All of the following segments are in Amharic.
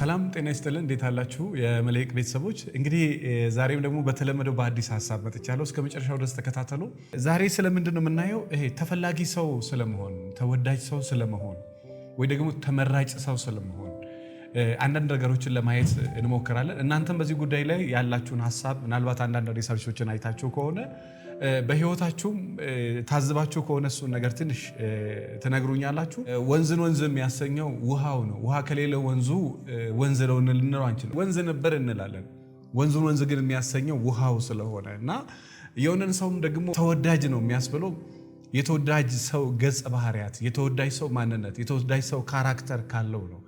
ሰላም ጤና ይስጥልን። እንዴት አላችሁ የመልሕቅ ቤተሰቦች? እንግዲህ ዛሬም ደግሞ በተለመደው በአዲስ ሀሳብ መጥቻለሁ። እስከ መጨረሻው ድረስ ተከታተሉ። ዛሬ ስለምንድን ነው የምናየው? ይሄ ተፈላጊ ሰው ስለመሆን፣ ተወዳጅ ሰው ስለመሆን፣ ወይ ደግሞ ተመራጭ ሰው ስለመሆን አንዳንድ ነገሮችን ለማየት እንሞክራለን። እናንተም በዚህ ጉዳይ ላይ ያላችሁን ሀሳብ ምናልባት አንዳንድ ሪሰርቾችን አይታችሁ ከሆነ በህይወታችሁም ታዝባችሁ ከሆነ እሱን ነገር ትንሽ ትነግሩኛላችሁ። ወንዝን ወንዝ የሚያሰኘው ውሃው ነው። ውሃ ከሌለ ወንዙ ወንዝ ነው ልንለው አንችልም። ወንዝ ነበር እንላለን። ወንዙን ወንዝ ግን የሚያሰኘው ውሃው ስለሆነ እና የሆነን ሰውም ደግሞ ተወዳጅ ነው የሚያስብለው የተወዳጅ ሰው ገጸ ባህሪያት፣ የተወዳጅ ሰው ማንነት፣ የተወዳጅ ሰው ካራክተር ካለው ነው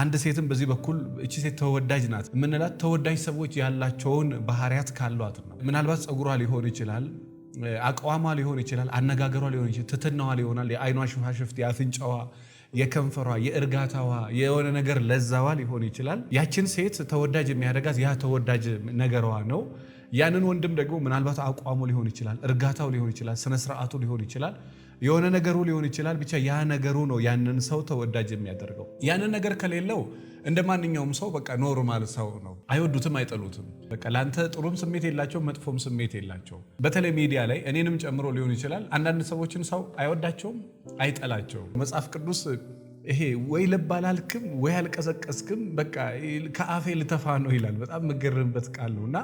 አንድ ሴትም በዚህ በኩል እቺ ሴት ተወዳጅ ናት የምንላት ተወዳጅ ሰዎች ያላቸውን ባህሪያት ካሏት ነው። ምናልባት ጸጉሯ ሊሆን ይችላል፣ አቋሟ ሊሆን ይችላል፣ አነጋገሯ ሊሆን ይችላል፣ ትትናዋ ሊሆናል፣ የአይኗ ሽፋሽፍት፣ የአፍንጫዋ፣ የከንፈሯ፣ የእርጋታዋ የሆነ ነገር ለዛዋ ሊሆን ይችላል። ያችን ሴት ተወዳጅ የሚያደርጋት ያ ተወዳጅ ነገሯ ነው። ያንን ወንድም ደግሞ ምናልባት አቋሙ ሊሆን ይችላል፣ እርጋታው ሊሆን ይችላል፣ ስነስርዓቱ ሊሆን ይችላል የሆነ ነገሩ ሊሆን ይችላል። ብቻ ያ ነገሩ ነው ያንን ሰው ተወዳጅ የሚያደርገው። ያንን ነገር ከሌለው እንደ ማንኛውም ሰው በቃ ኖርማል ሰው ነው። አይወዱትም፣ አይጠሉትም። በቃ ለአንተ ጥሩም ስሜት የላቸው፣ መጥፎም ስሜት የላቸው። በተለይ ሚዲያ ላይ እኔንም ጨምሮ ሊሆን ይችላል። አንዳንድ ሰዎችን ሰው አይወዳቸውም፣ አይጠላቸውም። መጽሐፍ ቅዱስ ይሄ ወይ ልብ አላልክም ወይ አልቀሰቀስክም፣ በቃ ከአፌ ልተፋ ነው ይላል። በጣም መገረምበት ቃል ነው እና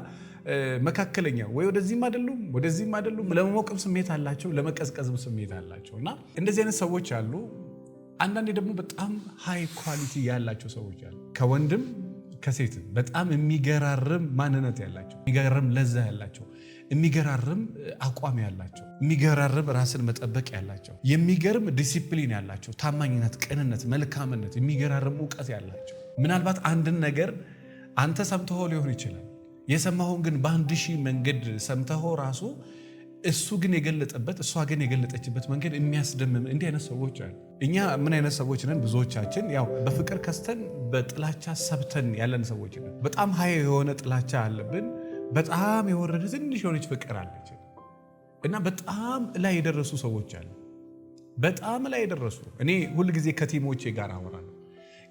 መካከለኛ ወይ ወደዚህም አይደሉም ወደዚህም አይደሉም። ለመሞቅም ስሜት አላቸው፣ ለመቀዝቀዝም ስሜት አላቸው እና እንደዚህ አይነት ሰዎች አሉ። አንዳንዴ ደግሞ በጣም ሃይ ኳሊቲ ያላቸው ሰዎች አሉ፣ ከወንድም ከሴትም በጣም የሚገራርም ማንነት ያላቸው የሚገራርም ለዛ ያላቸው የሚገራርም አቋም ያላቸው፣ የሚገራርም ራስን መጠበቅ ያላቸው፣ የሚገርም ዲሲፕሊን ያላቸው፣ ታማኝነት፣ ቅንነት፣ መልካምነት፣ የሚገራርም እውቀት ያላቸው። ምናልባት አንድን ነገር አንተ ሰምተኸው ሊሆን ይችላል። የሰማኸውን ግን በአንድ ሺህ መንገድ ሰምተኸው ራሱ እሱ ግን የገለጠበት እሷ ግን የገለጠችበት መንገድ የሚያስደምም እንዲህ አይነት ሰዎች አሉ። እኛ ምን አይነት ሰዎች ነን? ብዙዎቻችን ያው በፍቅር ከስተን በጥላቻ ሰብተን ያለን ሰዎች ነን። በጣም ሀይ የሆነ ጥላቻ አለብን። በጣም የወረደ ትንሽ የሆነች ፍቅር አለች እና በጣም ላይ የደረሱ ሰዎች አሉ። በጣም ላይ የደረሱ እኔ ሁልጊዜ ከቲሞቼ ጋር አወራለሁ።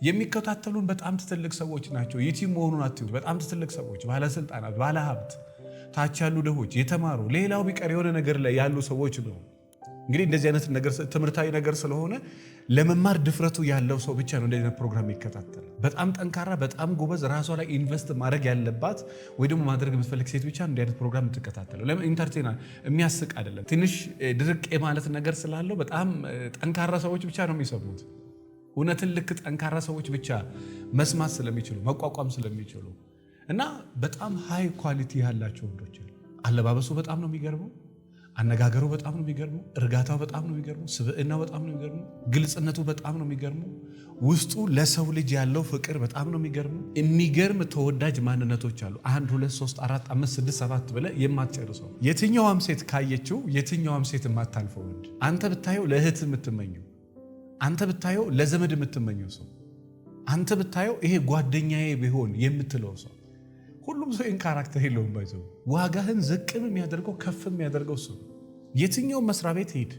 የሚከታተሉን በጣም ትልቅ ሰዎች ናቸው። የቲም መሆኑን አትዩ። በጣም ትልቅ ሰዎች፣ ባለስልጣናት፣ ባለሀብት፣ ታች ያሉ ደሆች፣ የተማሩ ሌላው ቢቀር የሆነ ነገር ላይ ያሉ ሰዎች ነው እንግዲህ እንደዚህ አይነት ነገር ትምህርታዊ ነገር ስለሆነ ለመማር ድፍረቱ ያለው ሰው ብቻ ነው እንደዚህ አይነት ፕሮግራም ይከታተል። በጣም ጠንካራ፣ በጣም ጎበዝ፣ ራሷ ላይ ኢንቨስት ማድረግ ያለባት ወይ ደግሞ ማድረግ የምትፈልግ ሴት ብቻ እንዲህ አይነት ፕሮግራም የምትከታተለው። ለምን ኢንተርቴና የሚያስቅ አይደለም። ትንሽ ድርቅ የማለት ነገር ስላለው በጣም ጠንካራ ሰዎች ብቻ ነው የሚሰሙት። እውነትን ልክ ጠንካራ ሰዎች ብቻ መስማት ስለሚችሉ መቋቋም ስለሚችሉ እና በጣም ሃይ ኳሊቲ ያላቸው ወንዶች አለባበሱ በጣም ነው የሚገርመው አነጋገሩ በጣም ነው የሚገርመው። እርጋታው በጣም ነው የሚገርመው። ስብዕናው በጣም ነው የሚገርመው። ግልጽነቱ በጣም ነው የሚገርመው። ውስጡ ለሰው ልጅ ያለው ፍቅር በጣም ነው የሚገርመው። የሚገርም ተወዳጅ ማንነቶች አሉ። አንድ ሁለት ሶስት አራት አምስት ስድስት ሰባት ብለህ የማትጨርሰው የትኛዋም ሴት ካየችው የትኛዋም ሴት የማታልፈው ወንድ አንተ ብታየው ለእህት የምትመኘው፣ አንተ ብታየው ለዘመድ የምትመኘው ሰው፣ አንተ ብታየው ይሄ ጓደኛዬ ቢሆን የምትለው ሰው ሁሉም ሰው ይህን ካራክተር የለውም። ባይዘው ዋጋህን ዝቅም የሚያደርገው ከፍ የሚያደርገው እሱ የትኛው መስሪያ ቤት ሄድ፣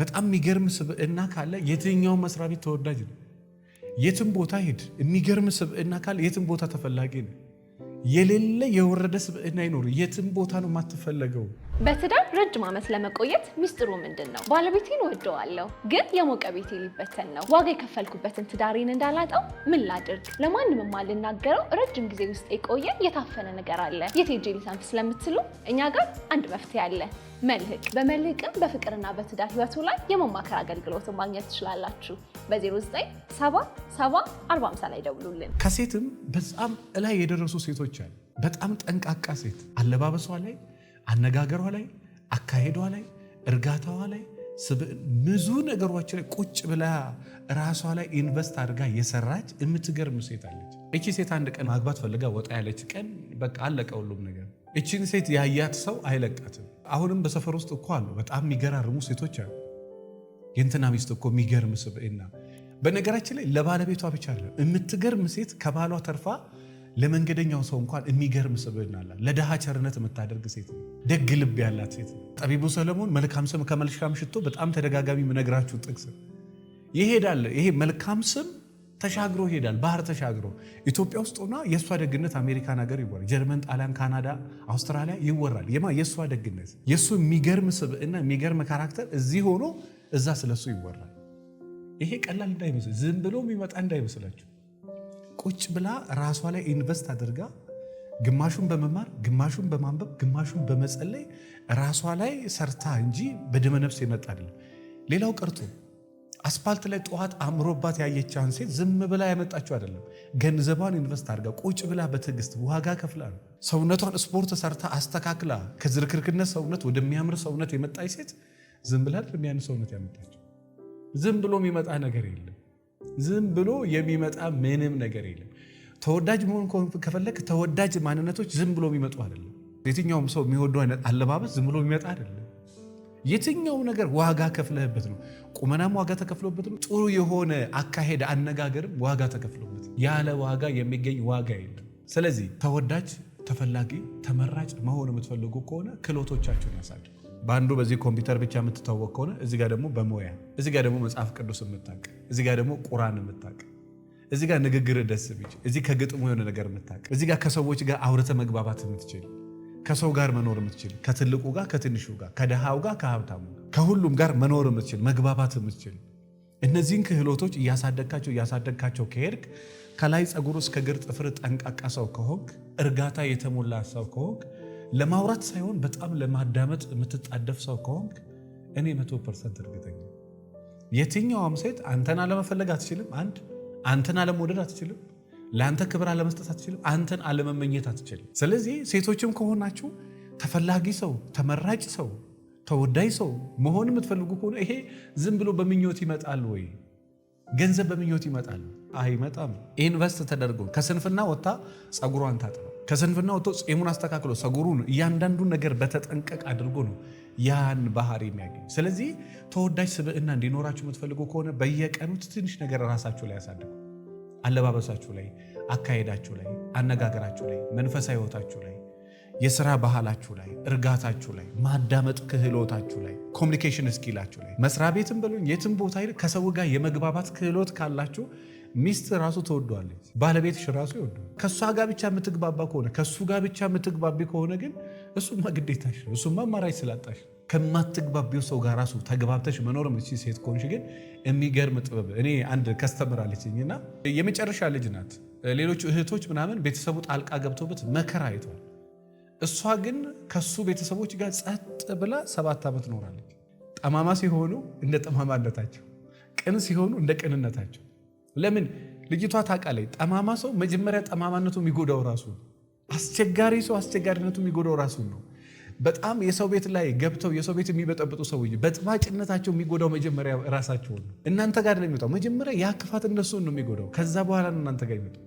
በጣም የሚገርም ስብዕና ካለ የትኛው መስሪያ ቤት ተወዳጅ ነው። የትም ቦታ ሄድ፣ የሚገርም ስብዕና ካለ የትም ቦታ ተፈላጊ ነው። የሌለ የወረደ ስብዕና አይኖር። የትም ቦታ ነው የማትፈለገው። በትዳር ረጅም ዓመት ለመቆየት ሚስጥሩ ምንድን ነው? ባለቤቴን ወደዋለሁ፣ ግን የሞቀ ቤቴ ሊበተን ነው። ዋጋ የከፈልኩበትን ትዳሬን እንዳላጣው ምን ላድርግ? ለማንም የማልናገረው ረጅም ጊዜ ውስጥ የቆየ የታፈነ ነገር አለ። የት ሄጄ ልተንፍስ እኛ ጋር አንድ መፍትሄ አለ። መልህቅ። በመልህቅም በፍቅርና በትዳር ህይወቱ ላይ የመማከር አገልግሎትን ማግኘት ትችላላችሁ። 45 ላይ ደውሉልን። ከሴትም በጣም እላይ የደረሱ ሴቶች አሉ። በጣም ጠንቃቃ ሴት አለባበሷ ላይ አነጋገሯ ላይ፣ አካሄዷ ላይ፣ እርጋታዋ ላይ ብዙ ነገሮች ላይ ቁጭ ብላ ራሷ ላይ ኢንቨስት አድርጋ የሰራች የምትገርም ሴት አለች። እቺ ሴት አንድ ቀን ማግባት ፈልጋ ወጣ ያለች ቀን በቃ አለቀ ሁሉም ነገር። እቺን ሴት ያያት ሰው አይለቃትም። አሁንም በሰፈር ውስጥ እኮ አሉ በጣም የሚገራርሙ ሴቶች አሉ። የእንትና ሚስት እኮ የሚገርም ስብዕና። በነገራችን ላይ ለባለቤቷ ብቻ አለ የምትገርም ሴት ከባሏ ተርፋ ለመንገደኛው ሰው እንኳን የሚገርም ስብዕና አላት። ለድሃ ቸርነት የምታደርግ ሴት ነው። ደግ ልብ ያላት ሴት ነው። ጠቢቡ ሰለሞን መልካም ስም ከመልካም ሽቶ፣ በጣም ተደጋጋሚ የምነግራችሁ ጥቅስ ይሄዳል። ይሄ መልካም ስም ተሻግሮ ይሄዳል። ባህር ተሻግሮ ኢትዮጵያ ውስጥ ሆና የእሷ ደግነት አሜሪካን ሀገር ይወራል። ጀርመን፣ ጣሊያን፣ ካናዳ፣ አውስትራሊያ ይወራል። የማ የእሷ ደግነት የእሱ የሚገርም ስብዕና የሚገርም ካራክተር እዚህ ሆኖ እዛ ስለሱ ይወራል። ይሄ ቀላል እንዳይመስል ዝም ብሎ የሚመጣ እንዳይመስላችሁ ቁጭ ብላ ራሷ ላይ ኢንቨስት አድርጋ ግማሹን በመማር ግማሹን በማንበብ ግማሹን በመጸለይ ራሷ ላይ ሰርታ እንጂ በደመ ነፍስ የመጣ አይደለም። ሌላው ቀርቶ አስፓልት ላይ ጠዋት አምሮባት ያየቻን ሴት ዝም ብላ ያመጣችው አይደለም። ገንዘቧን ኢንቨስት አድርጋ ቁጭ ብላ በትዕግስት ዋጋ ከፍላ ነው። ሰውነቷን ስፖርት ሰርታ አስተካክላ ከዝርክርክነት ሰውነት ወደሚያምር ሰውነት የመጣች ሴት ዝም ብላ ያን ሰውነት ያመጣችው። ዝም ብሎ የሚመጣ ነገር የለም። ዝም ብሎ የሚመጣ ምንም ነገር የለም። ተወዳጅ መሆን ከፈለግ ተወዳጅ ማንነቶች ዝም ብሎ የሚመጡ አይደለም። የትኛውም ሰው የሚወደው አይነት አለባበስ ዝም ብሎ የሚመጣ አይደለም። የትኛው ነገር ዋጋ ከፍለህበት ነው። ቁመናም ዋጋ ተከፍሎበት ነው። ጥሩ የሆነ አካሄድ፣ አነጋገርም ዋጋ ተከፍሎበት። ያለ ዋጋ የሚገኝ ዋጋ የለም። ስለዚህ ተወዳጅ፣ ተፈላጊ፣ ተመራጭ መሆን የምትፈልጉ ከሆነ ክህሎቶቻችሁን ያሳድጉ። በአንዱ በዚህ ኮምፒውተር ብቻ የምትታወቅ ከሆነ እዚህ ጋር ደግሞ በሙያ እዚህ ጋር ደግሞ መጽሐፍ ቅዱስ የምታቅ እዚህ ጋር ደግሞ ቁራን የምታቅ እዚህ ጋር ንግግር ደስ የሚችል እዚህ ከግጥሙ የሆነ ነገር የምታቅ እዚህ ጋር ከሰዎች ጋር አውርተ መግባባት የምትችል ከሰው ጋር መኖር የምትችል ከትልቁ ጋር ከትንሹ ጋር ከደሃው ጋር ከሀብታሙ ከሁሉም ጋር መኖር የምትችል መግባባት የምትችል እነዚህን ክህሎቶች እያሳደግካቸው እያሳደግካቸው ከሄድክ ከላይ ፀጉር እስከ እግር ጥፍር ጠንቃቃ ሰው ከሆንክ እርጋታ የተሞላ ሰው ከሆንክ ለማውራት ሳይሆን በጣም ለማዳመጥ የምትጣደፍ ሰው ከሆንክ እኔ መቶ ፐርሰንት እርግጠኛ የትኛዋም ሴት አንተን አለመፈለግ አትችልም። አንድ አንተን አለመውደድ አትችልም። ለአንተ ክብር አለመስጠት አትችልም። አንተን አለመመኘት አትችልም። ስለዚህ ሴቶችም ከሆናችሁ ተፈላጊ ሰው፣ ተመራጭ ሰው፣ ተወዳጅ ሰው መሆን የምትፈልጉ ከሆነ ይሄ ዝም ብሎ በምኞት ይመጣል ወይ? ገንዘብ በምኞት ይመጣል አይመጣም። ኢንቨስት ተደርጎ ከስንፍና ወጥታ ፀጉሯን ታጠብ። ከስንፍና ወጥቶ ጺሙን አስተካክሎ ሰጉሩን እያንዳንዱን ነገር በተጠንቀቅ አድርጎ ነው ያን ባህሪ የሚያገኝ። ስለዚህ ተወዳጅ ስብዕና እንዲኖራችሁ የምትፈልጉ ከሆነ በየቀኑ ትንሽ ነገር ራሳችሁ ላይ ያሳድጉ። አለባበሳችሁ ላይ፣ አካሄዳችሁ ላይ፣ አነጋገራችሁ ላይ፣ መንፈሳዊ ህይወታችሁ ላይ፣ የስራ ባህላችሁ ላይ፣ እርጋታችሁ ላይ፣ ማዳመጥ ክህሎታችሁ ላይ፣ ኮሚኒኬሽን ስኪላችሁ ላይ መስሪያ ቤትም ብሎኝ የትም ቦታ ከሰው ጋር የመግባባት ክህሎት ካላችሁ ሚስት ራሱ ትወደዋለች፣ ባለቤትሽ ራሱ ይወዱ። ከእሷ ጋር ብቻ የምትግባባ ከሆነ ከእሱ ጋር ብቻ የምትግባቢ ከሆነ ግን እሱማ ግዴታሽ ነው። እሱማ አማራጭ ስላጣሽ ከማትግባቢው ሰው ጋር ራሱ ተግባብተሽ መኖር ምቺ ሴት ከሆንሽ ግን የሚገርም ጥበብ። እኔ አንድ ከስተመር አለችኝና የመጨረሻ ልጅ ናት። ሌሎቹ እህቶች ምናምን ቤተሰቡ ጣልቃ ገብቶበት መከራ አይተዋል። እሷ ግን ከሱ ቤተሰቦች ጋር ጸጥ ብላ ሰባት ዓመት ኖራለች። ጠማማ ሲሆኑ እንደ ጠማማነታቸው፣ ቅን ሲሆኑ እንደ ቅንነታቸው ለምን ልጅቷ ታውቃለች። ጠማማ ሰው መጀመሪያ ጠማማነቱ የሚጎዳው ራሱ ነው። አስቸጋሪ ሰው አስቸጋሪነቱ የሚጎዳው ራሱ ነው። በጣም የሰው ቤት ላይ ገብተው የሰው ቤት የሚበጠብጡ ሰዎች በጥባጭነታቸው የሚጎዳው መጀመሪያ ራሳቸው ነው። እናንተ ጋር ለሚወጣው መጀመሪያ ያ ክፋት እነሱን ነው የሚጎዳው። ከዛ በኋላ ነው እናንተ ጋር ይመጣው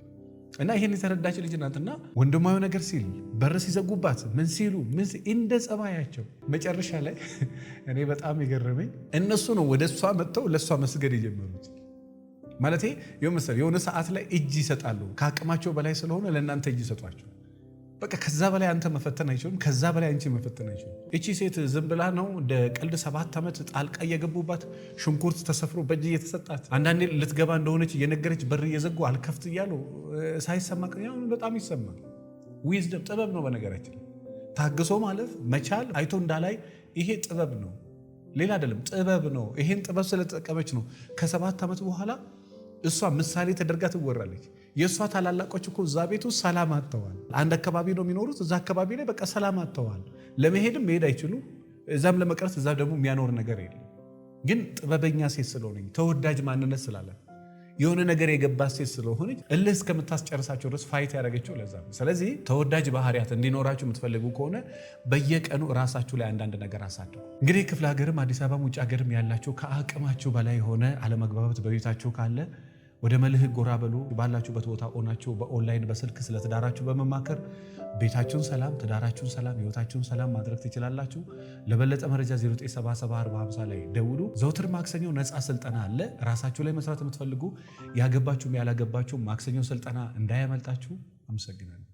እና ይህን የተረዳች ልጅ ናትና ወንድማዊ ነገር ሲል በር ሲዘጉባት ምን ሲሉ ምን እንደ ጸባያቸው መጨረሻ ላይ እኔ በጣም የገረመኝ እነሱ ነው ወደ እሷ መጥተው ለእሷ መስገድ የጀመሩት። ማለት የሆነ ሰዓት ላይ እጅ ይሰጣሉ። ከአቅማቸው በላይ ስለሆነ ለእናንተ እጅ ይሰጧቸው። በቃ ከዛ በላይ አንተ መፈተን አይችሉም። ከዛ በላይ አንቺ መፈተን አይችሉም። እቺ ሴት ዝም ብላ ነው እንደ ቀልድ ሰባት ዓመት ጣልቃ እየገቡባት ሽንኩርት ተሰፍሮ በእጅ እየተሰጣት አንዳንዴ ልትገባ እንደሆነች እየነገረች በር እየዘጉ አልከፍት እያሉ ሳይሰማ በጣም ይሰማል። ዊዝደም ጥበብ ነው። በነገራችን ታግሶ ማለፍ መቻል አይቶ እንዳላይ ይሄ ጥበብ ነው፣ ሌላ አይደለም። ጥበብ ነው። ይሄን ጥበብ ስለተጠቀመች ነው ከሰባት ዓመት በኋላ እሷ ምሳሌ ተደርጋ ትወራለች። የእሷ ታላላቆች እኮ እዛ ቤት ውስጥ ሰላም አጥተዋል። አንድ አካባቢ ነው የሚኖሩት። እዛ አካባቢ ላይ በቃ ሰላም አጥተዋል። ለመሄድም መሄድ አይችሉ እዛም ለመቅረት እዛ ደግሞ የሚያኖር ነገር የለም። ግን ጥበበኛ ሴት ስለሆነኝ ተወዳጅ ማንነት ስላለ የሆነ ነገር የገባ ሴት ስለሆነች እልህ እስከምታስጨርሳቸው ድረስ ፋይት ያደረገችው ለዛ ስለዚህ ተወዳጅ ባህሪያት እንዲኖራችሁ የምትፈልጉ ከሆነ በየቀኑ ራሳችሁ ላይ አንዳንድ ነገር አሳድጉ። እንግዲህ ክፍለ ሀገርም አዲስ አበባም ውጭ ሀገርም ያላችሁ ከአቅማችሁ በላይ የሆነ አለመግባባት በቤታችሁ ካለ ወደ መልህ ጎራ በሉ። ባላችሁበት ቦታ ሆናችሁ በኦንላይን በስልክ ስለ ትዳራችሁ በመማከር ቤታችሁን ሰላም፣ ትዳራችሁን ሰላም፣ ህይወታችሁን ሰላም ማድረግ ትችላላችሁ። ለበለጠ መረጃ 097745 ላይ ደውሉ። ዘውትር ማክሰኞ ነፃ ስልጠና አለ። ራሳችሁ ላይ መስራት የምትፈልጉ ያገባችሁም ያላገባችሁም ማክሰኞ ስልጠና እንዳያመልጣችሁ። አመሰግናለሁ።